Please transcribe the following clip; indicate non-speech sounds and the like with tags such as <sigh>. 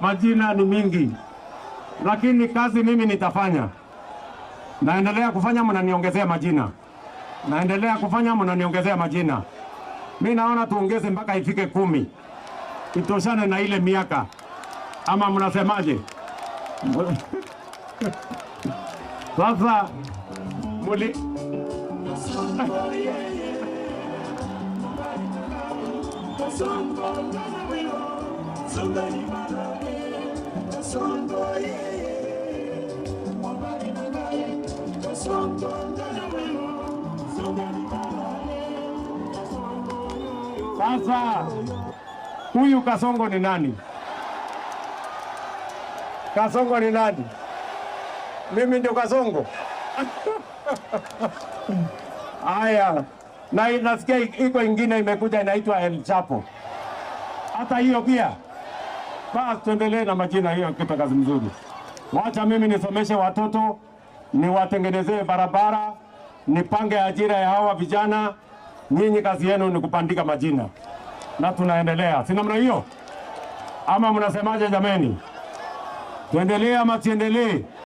Majina ni mingi, lakini kazi mimi nitafanya. Naendelea kufanya, mnaniongezea majina, naendelea kufanya, mnaniongezea majina. Mi naona tuongeze mpaka ifike kumi, itoshane na ile miaka, ama mnasemaje? <laughs> Sasa muli <laughs> Sasa huyu Kasongo ni nani? Kasongo ni nani? Mimi ndio Kasongo? <laughs> Aya, na nasikia iko ingine imekuja inaitwa El Chapo, hata hiyo pia basi tuendelee na majina hiyo, kipa kazi mzuri. Wacha mimi nisomeshe watoto, niwatengenezee barabara, nipange ajira ya hawa vijana. Nyinyi kazi yenu ni kupandika majina, na tunaendelea, si namna hiyo? Ama mnasemaje jameni? Tuendelee ama tuendelee?